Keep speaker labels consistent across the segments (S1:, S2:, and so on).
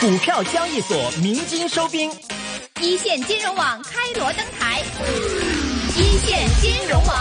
S1: 股票交易所鳴金收兵，一線金融網開鑼登台，一線金融網，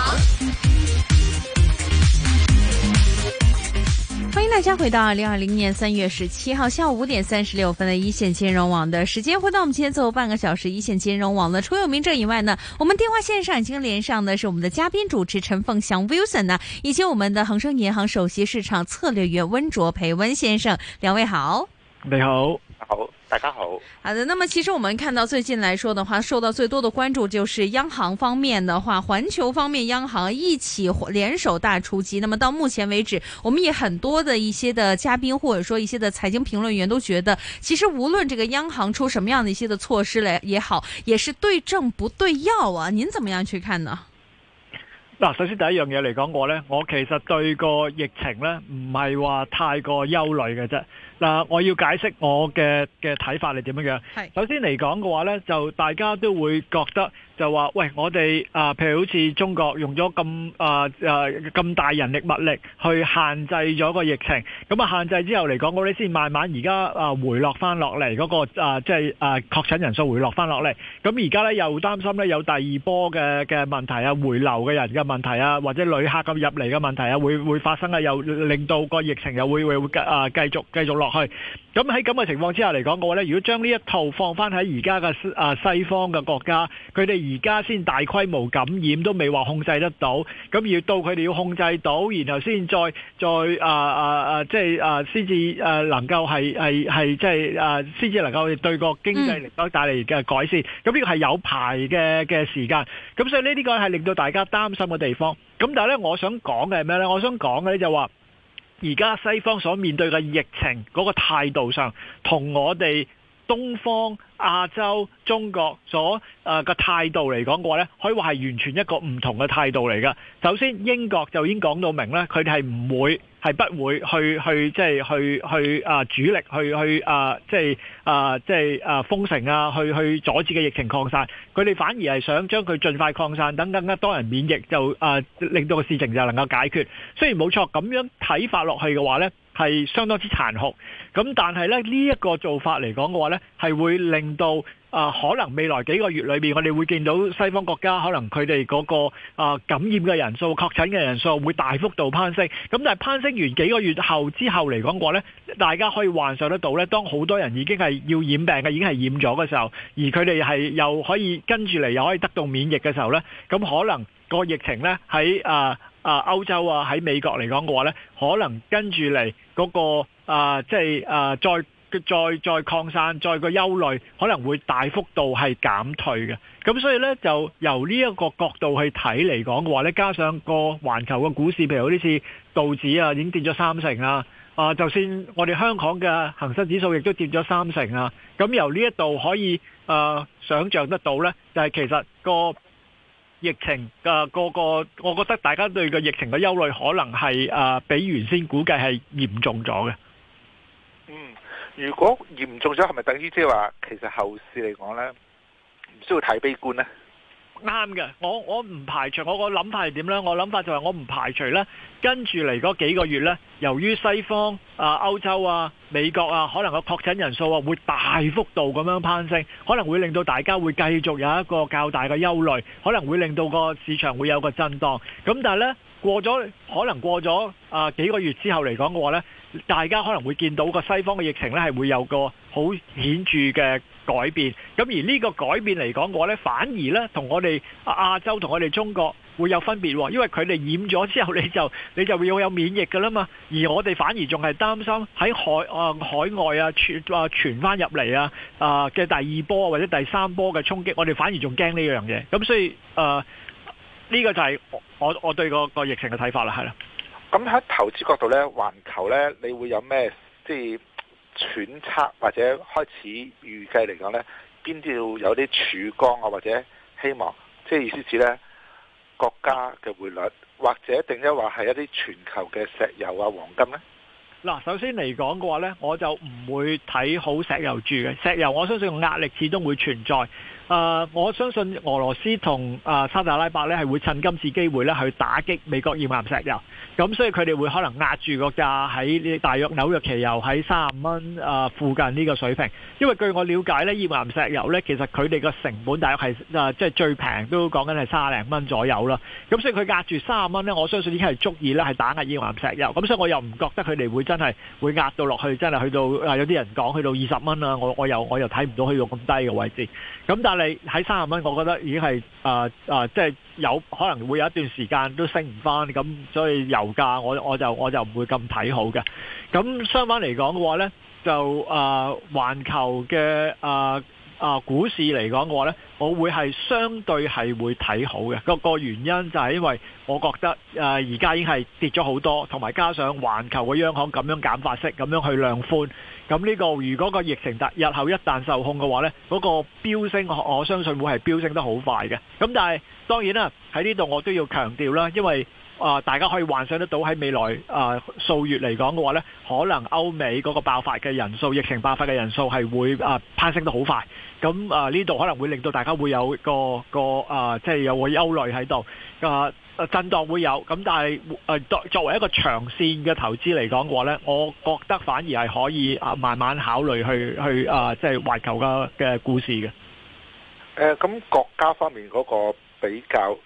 S1: 歡迎大家回到二零二零年三月十七號下午五點三十六分的一線金融網的時間。回到我們今天最後半個小時，一線金融網的除有名正以外呢，我們電話線上已經連上的是我們的嘉賓主持陳鳳祥 Wilson 呢、啊，以及我們的恒生銀行首席市場策略員溫灼培温先生，兩位好，你好。好，大家好。好的，那麼其實我們看到最近來說的話，受到最多的關注就是央行方面的話，環球方面央行一起聯手大出擊。那麼到目前為止，我們也很多的一些的嘉賓或者說一些的財經評論員都覺得，其實無論這個央行出什麼樣的一些的措施來也好，也是對症不對藥啊。您怎麼樣去看呢？嗱，首先第一樣嘢嚟講，我呢，我其實對個疫情呢，唔係話太過憂慮嘅啫。嗱，我要解釋我嘅嘅睇法係點樣樣。首先嚟講嘅話咧，就大家都會覺得。就話喂，我哋啊，譬如好似中國用咗咁啊啊咁大人力物力去限制咗個疫情，咁啊限制之後嚟講，我哋先慢慢而家啊回落翻落嚟嗰個啊，即係啊確診人數回落翻落嚟。咁而家咧又擔心咧有第二波嘅嘅問題啊，回流嘅人嘅問題啊，或者旅客咁入嚟嘅問題啊，會會發生啊，又令到個疫情又會會會啊繼續繼續落去。咁喺咁嘅情況之下嚟講嘅話咧，如果將呢一套放翻喺而家嘅啊西方嘅國家，佢哋。而家先大規模感染都未話控制得到，咁要到佢哋要控制到，然後先再再啊啊啊，即係啊先至啊能夠係係係即係啊先至能夠對個經濟力帶嚟嘅改善，咁呢個係有排嘅嘅時間，咁所以呢啲個係令到大家擔心嘅地方。咁但係咧，我想講嘅係咩咧？我想講嘅咧就話，而家西方所面對嘅疫情嗰個態度上，同我哋東方。亞洲、中國所誒個、呃、態度嚟講嘅話咧，可以話係完全一個唔同嘅態度嚟㗎。首先，英國就已經講到明咧，佢哋係唔會係不會去去即係去去啊主力去去啊即係啊即係啊封城啊，去去阻止嘅疫情擴散。佢哋反而係想將佢盡快擴散等等，等更加多人免疫就，就啊令到個事情就能夠解決。雖然冇錯咁樣睇法落去嘅話咧，係相當之殘酷，咁但係咧呢一個做法嚟講嘅話咧，係會令到啊可能未來幾個月裏面，我哋會見到西方國家可能佢哋嗰個啊感染嘅人數、確診嘅人數會大幅度攀升。咁但係攀升完幾個月後之後嚟講嘅話咧，大家可以幻想得到咧，當好多人已經係要染病嘅，已經係染咗嘅時候，而佢哋係又可以跟住嚟又可以得到免疫嘅時候咧，咁可能個疫情咧喺啊～啊，歐洲啊，喺美國嚟講嘅話呢，可能跟住嚟嗰個啊，即係啊，再再再擴散，再個憂慮可能會大幅度係減退嘅。咁所以呢，就由呢一個角度去睇嚟講嘅話呢，加上個環球嘅股市，譬如好似今次道指啊，已經跌咗三成啦。啊，就算我哋香港嘅恒生指數亦都跌咗三成啦。咁由呢一度可以啊，想象得到呢，就係其實個。疫情嘅個個，我覺得大家對個疫情嘅憂慮可能係啊、呃，比原先估計係嚴重咗嘅。
S2: 嗯，如果嚴重咗，係咪等於即係話，其實後市嚟講呢，唔需要太悲觀呢？
S1: 啱嘅，我我唔排除，我個諗法係點呢？我諗法就係我唔排除呢，跟住嚟嗰幾個月呢，由於西方啊、歐洲啊、美國啊，可能個確診人數啊會大幅度咁樣攀升，可能會令到大家會繼續有一個較大嘅憂慮，可能會令到個市場會有個震盪。咁但係呢，過咗可能過咗啊幾個月之後嚟講嘅話呢，大家可能會見到個西方嘅疫情呢係會有個好顯著嘅。改變，咁而呢個改變嚟講，我呢反而呢，同我哋亞洲同我哋中國會有分別，因為佢哋染咗之後，你就你就要有免疫噶啦嘛。而我哋反而仲係擔心喺海啊、呃、海外啊傳啊傳翻入嚟啊啊嘅第二波或者第三波嘅衝擊，我哋反而仲驚呢樣嘢。咁、嗯、所以誒、呢、呃呢個就係我我對、個個疫情嘅睇法啦，係啦。
S2: 咁喺投資角度呢，環球呢，你會有咩即係？揣測或者開始預計嚟講呢，邊度有啲曙光啊？或者希望，即係意思似呢國家嘅匯率或者定一話係一啲全球嘅石油啊、黃金呢？
S1: 嗱，首先嚟講嘅話呢，我就唔會睇好石油住嘅。石油我相信壓力始終會存在。誒，uh, 我相信俄羅斯同誒、uh, 沙特阿拉伯咧係會趁今次機會咧去打擊美國頁岩石油，咁所以佢哋會可能壓住個價喺呢，大約紐約期油喺三十五蚊誒附近呢個水平，因為據我了解咧，頁岩石油咧其實佢哋個成本大約係、uh, 即係最平都講緊係三廿零蚊左右啦，咁所以佢壓住三十五蚊咧，我相信已經係足以咧係打壓頁岩石油，咁所以我又唔覺得佢哋會真係會壓到落去，真係去到有啲人講去到二十蚊啊，我我又我又睇唔到去到咁低嘅位置，咁但你喺三十蚊，我覺得已經係啊啊，即係有可能會有一段時間都升唔翻，咁所以油價我我就我就唔會咁睇好嘅。咁相反嚟講嘅話呢，就、呃環呃、啊，環球嘅啊啊股市嚟講嘅話呢，我會係相對係會睇好嘅。個、個原因就係因為我覺得誒而家已經係跌咗好多，同埋加上環球嘅央行咁樣減法息，咁樣去量寬。咁呢個如果個疫情但日後一旦受控嘅話咧，嗰個飆升，我我相信會係飆升得好快嘅。咁但係當然啦，喺呢度我都要強調啦，因為啊大家可以幻想得到喺未來啊數月嚟講嘅話咧，可能歐美嗰個爆發嘅人數，疫情爆發嘅人數係會啊攀升得好快。咁啊呢度可能會令到大家會有個個啊即係有個憂慮喺度啊。震盪會有，咁但係誒作作為一個長線嘅投資嚟講，嘅話呢，我覺得反而係可以啊，慢慢考慮去去啊，即係環球嘅嘅股市嘅。
S2: 誒、嗯，咁國家方面嗰個比較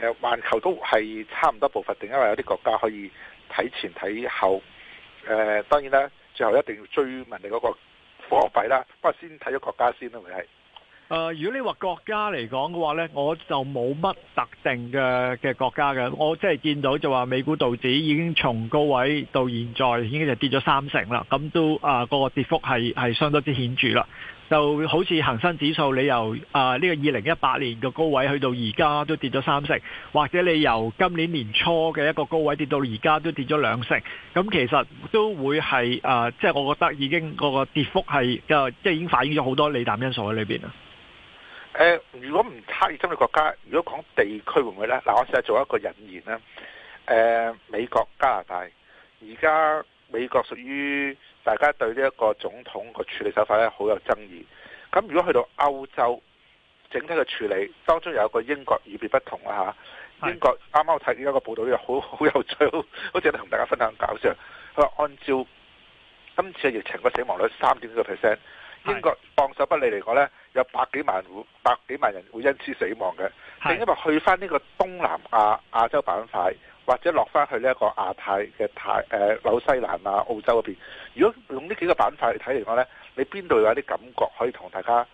S2: 誒環、呃、球都係差唔多步伐，定因為有啲國家可以睇前睇後。誒、呃、當然啦，最後一定要追問你嗰個貨幣啦，不過先睇咗國家先啦，咪係。
S1: 誒、呃，如果你話國家嚟講嘅話呢，我就冇乜特定嘅嘅國家嘅。我即係見到就話，美股道指已經從高位到現在已經就跌咗三成啦。咁、嗯、都啊，呃，這個跌幅係係相當之顯著啦。就好似恒生指數，你由啊呢、呃這個二零一八年嘅高位去到而家都跌咗三成，或者你由今年年初嘅一個高位跌到而家都跌咗兩成。咁、嗯、其實都會係啊，即、呃、係、就是、我覺得已經個、這個跌幅係即係已經反映咗好多利淡因素喺裏邊啊。
S2: 誒，如果唔差異針對國家，如果講地區會唔會呢？嗱，我試下做一個引言啦。誒，美國、加拿大，而家美國屬於大家對呢一個總統個處理手法呢，好有爭議。咁如果去到歐洲，整體嘅處理，當中又有個英國與別不同啦嚇。英國啱啱我睇到一個報道，又好好有趣，好似同大家分享搞笑。佢按照今次嘅疫情個死亡率三點幾個 percent，英國當首不利嚟講呢。有百幾萬戶、百幾萬人會因此死亡嘅。是正因為去翻呢個東南亞、亞洲板塊，或者落翻去呢一個亞太嘅太、誒、呃、紐西蘭啊、澳洲嗰邊。如果用呢幾個板塊嚟睇嚟講咧，你邊度有啲感覺可以同大家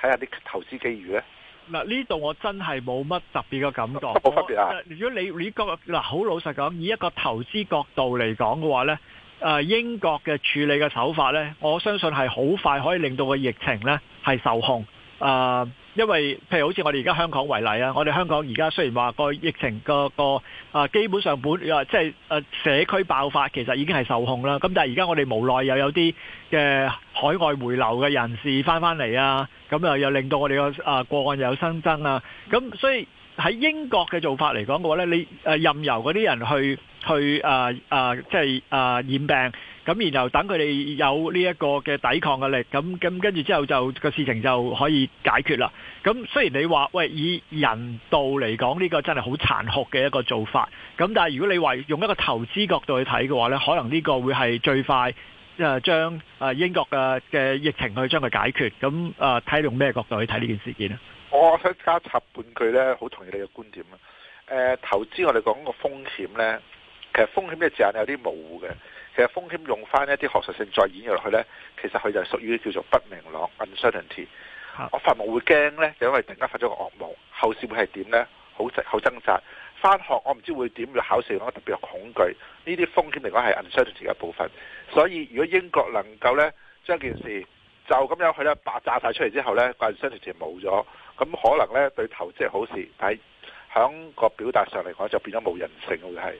S2: 睇下啲投資機
S1: 遇呢？嗱，呢度我真係冇乜特別嘅感覺。冇分別啊！如果你你覺嗱，好老實講，以一個投資角度嚟講嘅話呢。誒、啊、英國嘅處理嘅手法呢，我相信係好快可以令到個疫情呢係受控。誒、啊，因為譬如好似我哋而家香港為例啊，我哋香港而家雖然話個疫情個個、啊、基本上本即係、啊即係啊、社區爆發，其實已經係受控啦。咁但係而家我哋無奈又有啲嘅、啊、海外回流嘅人士翻返嚟啊，咁啊又令到我哋個誒個案又有新增啊，咁所以。喺英國嘅做法嚟講嘅話呢，你誒任由嗰啲人去去誒誒、呃呃，即係誒染病，咁然後等佢哋有呢一個嘅抵抗嘅力，咁咁跟住之後就個事情就可以解決啦。咁雖然你話喂以人道嚟講，呢、呢個真係好殘酷嘅一個做法。咁但係如果你話用一個投資角度去睇嘅話呢，可能呢個會係最快誒將誒英國嘅嘅疫情去將佢解決。咁誒睇用咩角度去睇呢件事件咧？
S2: 我想加插半句咧，好同意你嘅觀點啊！誒、呃，投資我哋講個風險咧，其實風險嘅字眼有啲模糊嘅。其實風險用翻一啲學術性再演繹落去咧，其實佢就係屬於叫做不明朗 （uncertainty）。的我發夢會驚咧，就因為突然間發咗個惡夢，後事會係點咧？好好掙扎。翻學我唔知會點，要考試我特別恐懼。呢啲風險嚟講係 uncertainty 嘅部分。所以如果英國能夠咧將件事就咁樣去咧爆炸曬出嚟之後咧，uncertainty 冇咗。咁可能咧對投資係好事，但係喺個表達上嚟講就變咗冇人性，會係。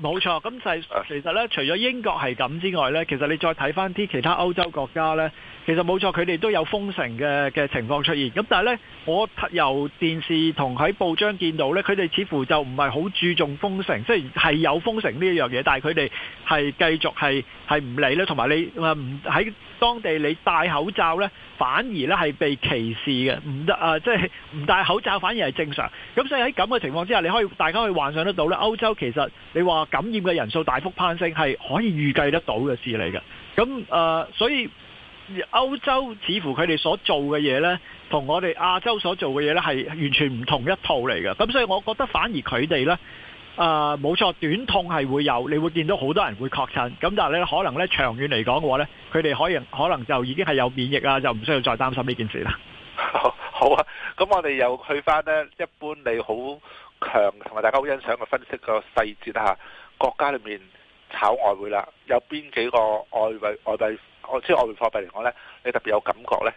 S1: 冇錯，咁就係其實咧，除咗英國係咁之外咧，其實你再睇翻啲其他歐洲國家咧，其實冇錯，佢哋都有封城嘅嘅情況出現。咁但係咧，我由電視同喺報章見到咧，佢哋似乎就唔係好注重封城，雖然係有封城呢一樣嘢，但係佢哋係繼續係係唔理咧。同埋你唔喺當地，你戴口罩咧，反而咧係被歧視嘅，唔得啊，即係唔戴口罩反而係正常。咁所以喺咁嘅情況之下，你可以大家可以幻想得到咧，歐洲其實你。話感染嘅人數大幅攀升係可以預計得到嘅事嚟嘅，咁誒、呃，所以歐洲似乎佢哋所做嘅嘢呢，同我哋亞洲所做嘅嘢呢，係完全唔同一套嚟嘅。咁所以我覺得反而佢哋呢，誒、呃，冇錯，短痛係會有，你會見到好多人會確診，咁但係咧可能呢，長遠嚟講嘅話呢，佢哋可能可能就已經係有免疫啦，就唔需要再擔心呢件事啦。
S2: 好啊，咁我哋又去返呢，一般你好。強，同埋大家好欣賞佢分析個細節嚇。國家裏面炒外匯啦，有邊幾個外幣外幣，我即係外匯貨幣嚟講呢，你特別有感覺呢？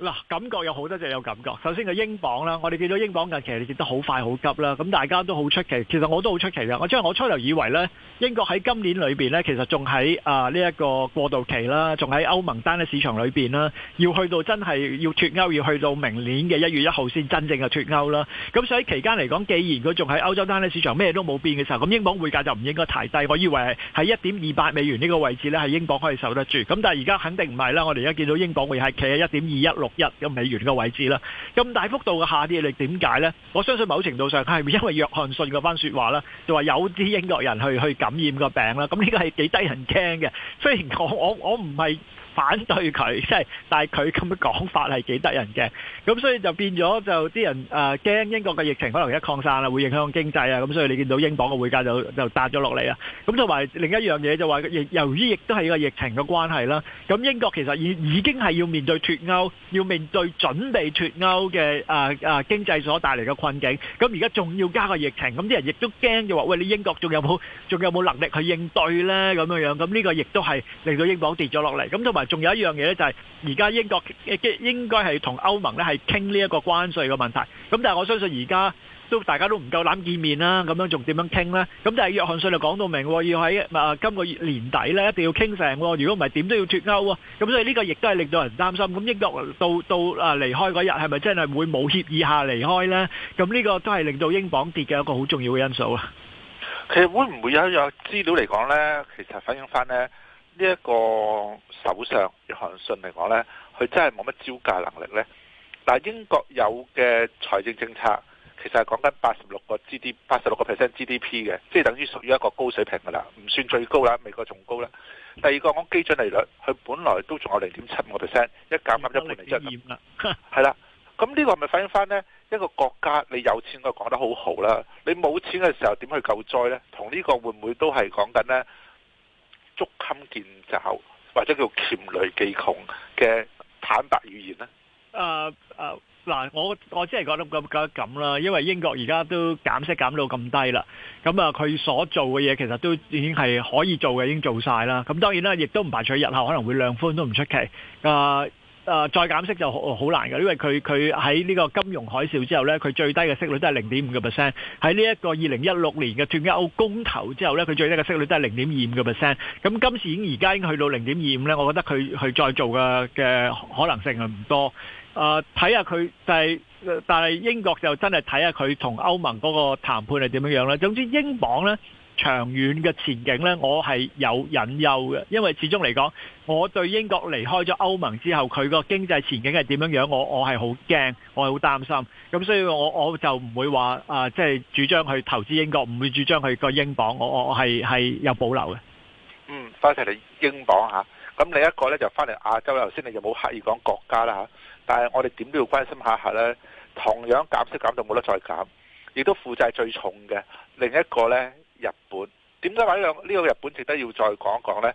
S1: 嗱、啊，感覺有好多隻有感覺。首先係英鎊啦，我哋見到英鎊嘅，其實你跌得好快好急啦，咁大家都好出奇。其實我都好出奇啊！我因為我初頭以為呢英國喺今年裏邊呢，其實仲喺啊呢一個過渡期啦，仲喺歐盟單一市場裏邊啦，要去到真係要脱歐，要去到明年嘅一月一號先真正嘅脱歐啦。咁所以期間嚟講，既然佢仲喺歐洲單一市場，咩都冇變嘅時候，咁英鎊匯價就唔應該太低。我以為係喺一點二八美元呢個位置呢，係英鎊可以守得住。咁但係而家肯定唔係啦，我哋而家見到英鎊匯價企喺一點二一六一嘅美元嘅位置啦，咁大幅度嘅下跌，你點解咧？我相信某程度上係因為約翰遜嗰番說話啦，就話有啲英國人去去感染個病啦，咁呢個係幾低人驚嘅。雖然我我唔係。反對佢即係，但係佢咁嘅講法係幾得人嘅，咁所以就變咗就啲人誒驚英國嘅疫情可能而家擴散啦，會影響經濟啊，咁所以你見到英鎊嘅匯價就就跌咗落嚟啊。咁同埋另一樣嘢就話，亦由於亦都係個疫情嘅關係啦，咁英國其實已已經係要面對脱歐，要面對準備脱歐嘅誒誒經濟所帶嚟嘅困境。咁而家仲要加個疫情，咁啲人亦都驚話，喂你英國仲有冇仲有冇能力去應對咧？咁樣樣咁呢個亦都係令到英鎊跌咗落嚟。咁同埋。仲有一樣嘢咧，就係而家英國應該係同歐盟咧係傾呢一個關稅嘅問題。咁但係我相信而家都大家都唔夠膽見面啦，咁樣仲點樣傾咧？咁但係約翰遜就講到明，要喺啊今個年底咧一定要傾成。如果唔係，點都要脱歐啊！咁所以呢個亦都係令到人擔心。咁英國到到啊離開嗰日係咪真係會冇協議下離開咧？咁呢個都係令到英鎊跌嘅一個好重要嘅因素啦。
S2: 其實會唔會有一樣資料嚟講咧？其實反映翻咧。呢一個首相約翰遜嚟講呢，佢真係冇乜招架能力呢。但、啊、英國有嘅財政政策其實係講緊八十六個 G D 八十六個 percent G D P 嘅，即係、就是、等於屬於一個高水平㗎啦，唔算最高啦，美國仲高啦。第二個講基準利率，佢本來都仲有零點七五個 percent，一減翻一半嚟即係。好危險啦！係啦，咁呢個係咪反映翻呢？一個國家你有錢佢講得好好啦，你冇錢嘅時候點去救災呢？同呢個會唔會都係講緊呢？捉襟見肘，或者叫黔驢技窮嘅坦白語言咧？
S1: 誒誒、啊，嗱、啊，我我真係覺得覺得咁啦，因為英國而家都減息減到咁低啦，咁啊佢所做嘅嘢其實都已經係可以做嘅，已經做晒啦。咁、嗯、當然啦，亦都唔排除日後可能會量寬都唔出奇。誒、嗯。誒、呃、再減息就好難㗎，因為佢佢喺呢個金融海嘯之後呢，佢最低嘅息率都係零點五個 percent。喺呢一個二零一六年嘅脫歐公投之後呢，佢最低嘅息率都係零點二五個 percent。咁今時已經而家已經去到零點二五呢，我覺得佢佢再做嘅嘅可能性係唔多。誒，睇下佢，但係英國就真係睇下佢同歐盟嗰個談判係點樣樣啦。總之英鎊呢。長遠嘅前景呢，我係有隱憂嘅，因為始終嚟講，我對英國離開咗歐盟之後佢個經濟前景係點樣樣，我我係好驚，我係好擔心。咁所以，我我就唔會話啊，即係主張去投資英國，唔會主張去個英鎊，我我係係有保留
S2: 嘅。嗯，翻嚟英鎊吓，咁另一個呢，就翻嚟亞洲。頭先你就冇刻意講國家啦吓，但係我哋點都要關心下下呢？同樣減息減到冇得再減，亦都負債最重嘅另一個呢。日本點解話呢兩呢個日本值得要再講一講呢？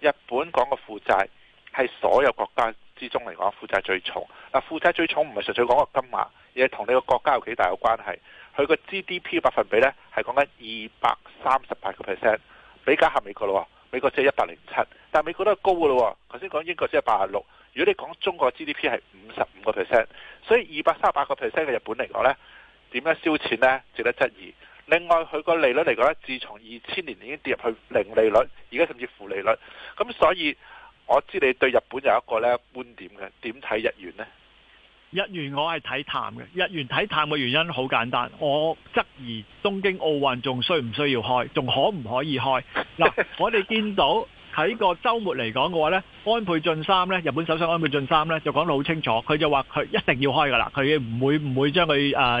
S2: 日本講個負債係所有國家之中嚟講負債最重。嗱、啊，負債最重唔係純粹講個金額，而係同你個國家有幾大嘅關係。佢個 GDP 百分比呢係講緊二百三十八個 percent，比較下美國咯。美國只係一百零七，但美國都係高嘅咯。頭先講英國只係八十六。如果你講中國 GDP 係五十五個 percent，所以二百三十八個 percent 嘅日本嚟講呢，點樣燒錢呢？值得質疑。另外佢個利率嚟講咧，自從二千年已經跌入去零利率，而家甚至負利率。咁所以我知你對日本有一個咧觀點嘅，點睇日元咧？
S1: 日元我係睇淡嘅，日元睇淡嘅原因好簡單，我質疑東京奧運仲需唔需要開，仲可唔可以開？嗱，我哋見到喺個周末嚟講嘅話咧，安倍晉三咧，日本首相安倍晉三咧就講得好清楚，佢就話佢一定要開㗎喇，佢唔會唔會將佢誒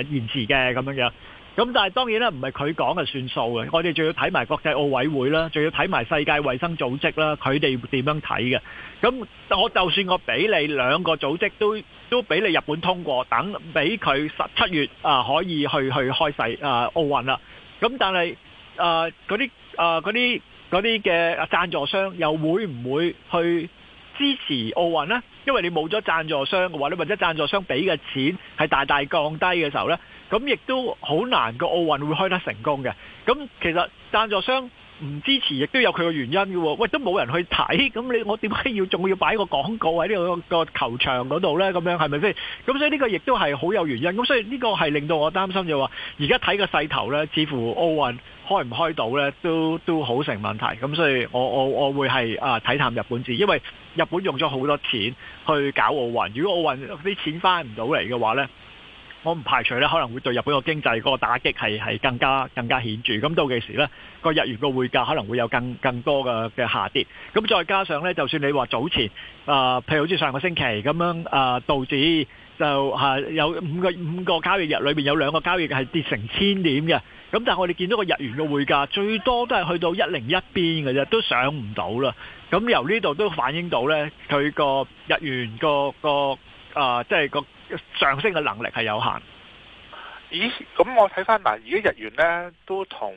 S1: 延遲嘅咁樣樣。咁但係當然啦，唔係佢講嘅算數嘅，我哋仲要睇埋國際奧委會啦，仲要睇埋世界衞生組織啦，佢哋點樣睇嘅？咁我就算我俾你兩個組織都都俾你日本通過，等俾佢十七月啊可以去去開世啊奧運啦。咁但係啊嗰啲啊嗰啲嗰啲嘅贊助商又會唔會去支持奧運呢？因為你冇咗贊助商嘅話，你或者贊助商俾嘅錢係大大降低嘅時候呢。咁亦都好難個奧運會開得成功嘅。咁其實贊助商唔支持，亦都有佢嘅原因嘅喎。喂，都冇人去睇，咁你我點解要仲要擺個廣告喺呢個個球場嗰度呢？咁樣係咪先？咁所以呢個亦都係好有原因。咁所以呢個係令到我擔心就話，而家睇個勢頭呢，似乎奧運開唔開到呢都都好成問題。咁所以我，我我我會係啊睇淡日本字，因為日本用咗好多錢去搞奧運。如果奧運啲錢翻唔到嚟嘅話呢。我唔排除咧，可能會對日本個經濟個打擊係係更加更加顯著。咁到幾時咧，個日元個匯價可能會有更更多嘅嘅下跌。咁再加上咧，就算你話早前啊、呃，譬如好似上個星期咁樣、呃、啊，道指就係有五個五個交易日裏邊有兩個交易日係跌成千點嘅。咁但係我哋見到個日元個匯價最多都係去到一零一邊嘅啫，都上唔到啦。咁由呢度都反映到咧，佢個日元個個啊、呃，即係個。上升嘅能力係有限，
S2: 咦？咁我睇翻嗱，而家日元呢都同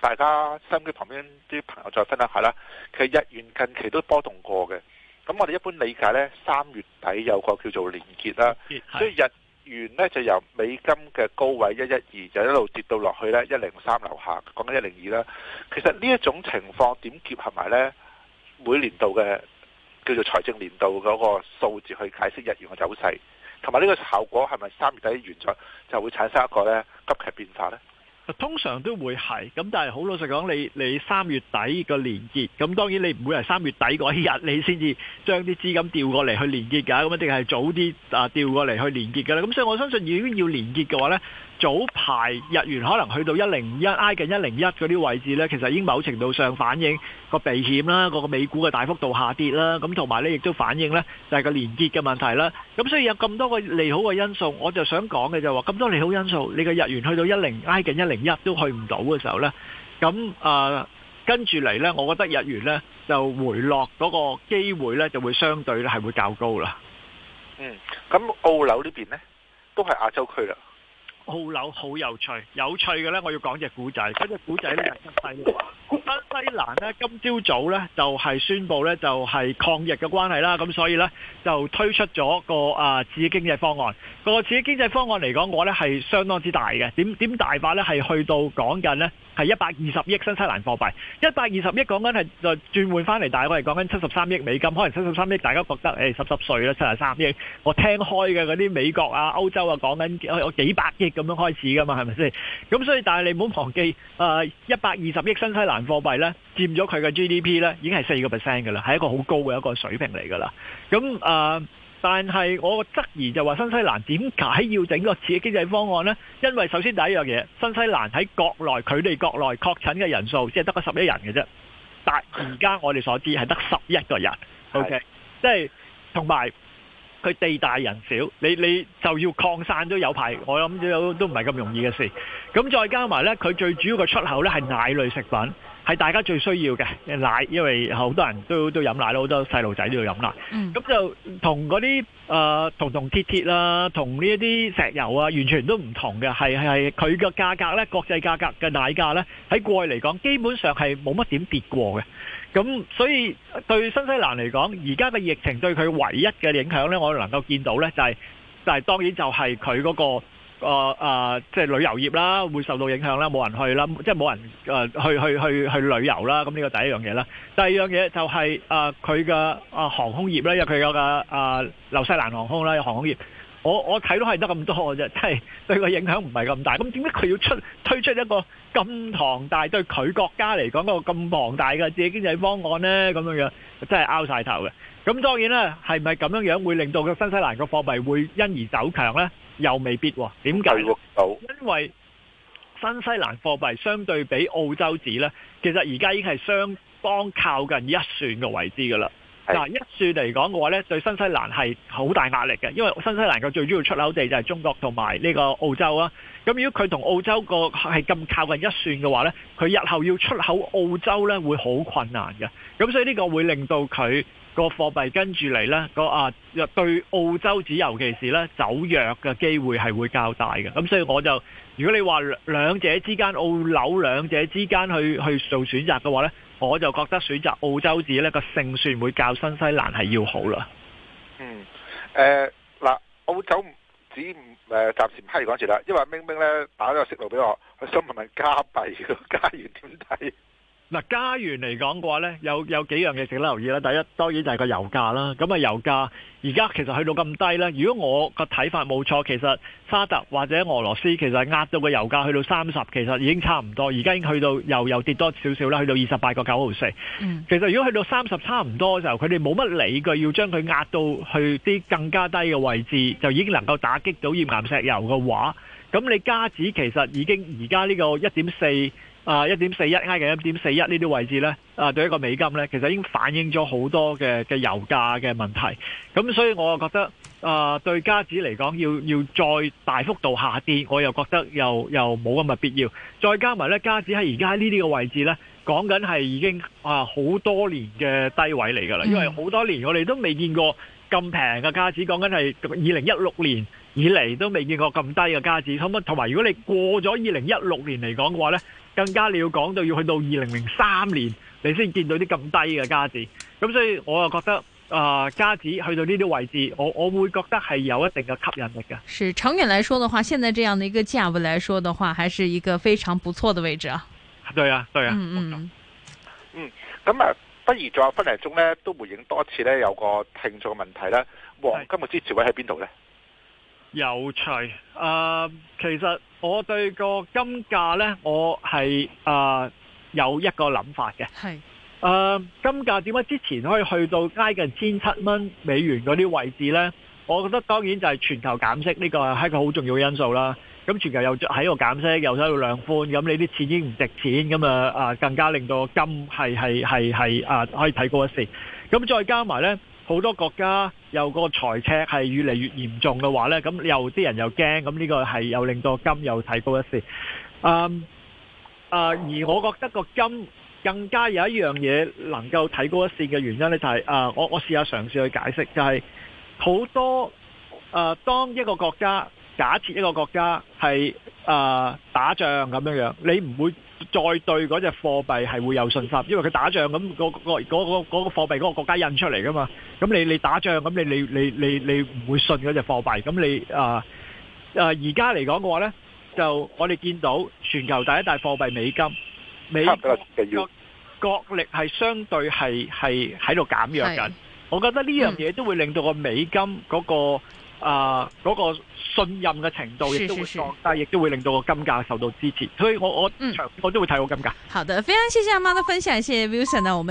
S2: 大家收音機旁邊啲朋友再分享下啦。其實日元近期都波動過嘅，咁我哋一般理解呢，三月底有個叫做連結啦，的所以日元呢就由美金嘅高位一一二就一路跌到落去呢，一零三樓下，講緊一零二啦。其實呢一種情況點結合埋呢？每年度嘅叫做財政年度嗰個數字去解釋日元嘅走勢？同埋呢個效果係咪三月底完咗就會產生一個呢急劇變化呢？
S1: 通常都會係咁，但係好老實講，你你三月底個連結，咁當然你唔會係三月底嗰日你先至將啲資金調過嚟去連結㗎，咁一定係早啲啊調過嚟去連結㗎啦。咁所以我相信，如果要連結嘅話呢。早排日元可能去到一零一，挨近一零一嗰啲位置咧，其實已經某程度上反映個避險啦，嗰個美股嘅大幅度下跌啦，咁同埋咧，亦都反映咧，就係個連結嘅問題啦。咁所以有咁多個利好嘅因素，我就想講嘅就話，咁多利好因素，你個日元去到一零，挨近一零一都去唔到嘅時候咧，咁啊跟住嚟咧，我覺得日元咧就回落嗰個機會咧就會相對咧係會較高啦。嗯，咁澳樓呢邊咧都係亞洲區啦。澳樓好有趣，有趣嘅呢。我要講隻古仔。嗰隻古仔呢，係新西蘭，新西蘭呢，今朝早，早呢，就係、是、宣布呢，就係、是、抗疫嘅關係啦。咁所以呢，就推出咗個啊刺激經濟方案。個刺激經濟方案嚟講，我呢係相當之大嘅。點點大把呢？係去到講緊呢。係一百二十億新西蘭貨幣，一百二十億講緊係就轉換翻嚟，大概係講緊七十三億美金，可能七十三億大家覺得誒濕濕碎啦，七十三億。我聽開嘅嗰啲美國啊，歐啊、歐洲啊講緊有幾百億咁樣開始噶嘛，係咪先？咁所以但係你唔好忘記，誒一百二十億新西蘭貨幣呢佔咗佢嘅 GDP 呢，已經係四個 percent 㗎啦，係一個好高嘅一個水平嚟㗎啦。咁誒。呃但係我個質疑就話：新西蘭點解要整個刺激經濟方案呢？因為首先第一樣嘢，新西蘭喺國內佢哋國內確診嘅人數，即係得個十一人嘅啫。但而家我哋所知係得十一個人，OK，是即係同埋佢地大人少，你你就要擴散都有排，我諗都都唔係咁容易嘅事。咁再加埋呢，佢最主要嘅出口呢係奶類食品。係大家最需要嘅奶，因為好多人都都飲奶啦，好多細路仔都要飲奶。咁就同嗰啲誒銅銅鐵鐵啦，同呢一啲石油啊，完全都唔同嘅。係係佢嘅價格咧，國際價格嘅奶價咧，喺過去嚟講，基本上係冇乜點跌過嘅。咁所以對新西蘭嚟講，而家嘅疫情對佢唯一嘅影響咧，我能夠見到咧，就係，就係當然就係佢嗰個。個啊、呃，即係旅遊業啦，會受到影響啦，冇人去啦，即係冇人啊去、呃、去去去旅遊啦。咁、這、呢個第一樣嘢啦，第二樣嘢就係、是、啊，佢嘅啊航空業啦，因為佢有個啊紐西蘭航空啦，航空業，我我睇到係得咁多嘅啫，真係對個影響唔係咁大。咁點解佢要出推出一個咁龐大對佢國家嚟講個咁龐大嘅自己經濟方案咧？咁樣樣真係拗晒頭嘅。咁當然啦，係咪咁樣樣會令到個新西蘭個貨幣會因而走強咧？又未必喎，點解？因為新西蘭貨幣相對比澳洲紙呢，其實而家已經係相當靠近一算嘅位置㗎喇。嗱，是的 一算嚟講嘅話呢，對新西蘭係好大壓力嘅，因為新西蘭嘅最主要出口地就係中國同埋呢個澳洲啊。咁如果佢同澳洲個係咁靠近一算嘅話呢，佢日後要出口澳洲呢，會好困難嘅。咁所以呢個會令到佢。個貨幣跟住嚟呢，個啊對澳洲指尤其是呢走弱嘅機會係會較大嘅。咁所以我就，如果你話兩者之間澳紐兩者之間去去做選擇嘅話呢，我就覺得選擇澳洲指呢個勝算會較新西蘭係要好啦。
S2: 嗯，嗱、呃，澳洲紙唔誒暫時唔係講住啦，因為明明呢打咗個食路俾我，佢想問問加幣加元點睇？
S1: 嗱，加元嚟講嘅話呢有有幾樣嘢值得留意啦。第一，當然就係個油價啦。咁啊，油價而家其實去到咁低咧。如果我個睇法冇錯，其實沙特或者俄羅斯其實壓到個油價去到三十，其實已經差唔多。而家已經去到又又跌多少少啦，去到二十八個九毫四。嗯、其實如果去到三十差唔多時候，佢哋冇乜理據，要將佢壓到去啲更加低嘅位置，就已經能夠打擊到頁岩石油嘅話，咁你加指其實已經而家呢個一點四。啊，一點四一挨近一點四一呢啲位置咧，啊，對一個美金咧，其實已經反映咗好多嘅嘅油價嘅問題。咁所以我啊覺得，啊對加紙嚟講，要要再大幅度下跌，我又覺得又又冇咁嘅必要。再加埋咧，加紙喺而家喺呢啲個位置咧，講緊係已經啊好多年嘅低位嚟㗎啦。因為好多年我哋都未見過咁平嘅加紙，講緊係二零一六年。以嚟都未見過咁低嘅價值，咁啊，同埋如果你過咗二零一六年嚟講嘅話咧，更加你要講到要去到二零零三年，你先見到啲咁低嘅價值。咁、嗯、所以我又覺得啊，價、呃、值去到呢啲位置，我我會覺得係有一定嘅吸引力嘅。是長遠來說嘅話，現在這樣嘅一個價位嚟說嘅話，還是一個非常不錯嘅位置啊。對啊，對啊。嗯
S2: 嗯咁啊、嗯，不如再分零鐘咧，都回應多一次咧，有個聽眾問題啦。黃金嘅支持位喺邊度咧？是
S1: 有趣。啊、呃，其實我對個金價呢，我係啊、呃、有一個諗法嘅。係啊是、呃，金價點解之前可以去到挨近千七蚊美元嗰啲位置呢？我覺得當然就係全球減息呢、這個係一個好重要因素啦。咁全球又喺度減息，又喺度量寬，咁你啲錢已經唔值錢，咁啊啊，更加令到金係係係係啊，可以睇高一線。咁再加埋呢。好多國家有個財赤係越嚟越嚴重嘅話呢，咁又啲人又驚，咁呢個係又令到金又提高一線。啊、嗯呃、而我覺得個金更加有一樣嘢能夠提高一線嘅原因呢就係、係、啊、呃，我我試下嘗試去解釋、就係，就係好多啊、呃，當一個國家。假設一個國家係啊打仗咁樣樣，你唔會再對嗰隻貨幣係會有信心，因為佢打仗咁個個嗰個嗰個貨幣嗰個國家印出嚟噶嘛。咁你你打仗咁你你你你你唔會信嗰隻貨幣。咁你啊啊而家嚟講嘅話呢，就我哋見到全球第一大貨幣美金，美國嘅國力係相對係係喺度減弱緊。我覺得呢樣嘢都會令到個美金嗰個。啊，嗰、呃那個信任嘅程度亦都會降低，亦都會令到個金價受到支持。所以我我長我、嗯、我都會睇好金價。好的，非常謝謝阿媽的分享，謝謝 Wilson 啊，我們。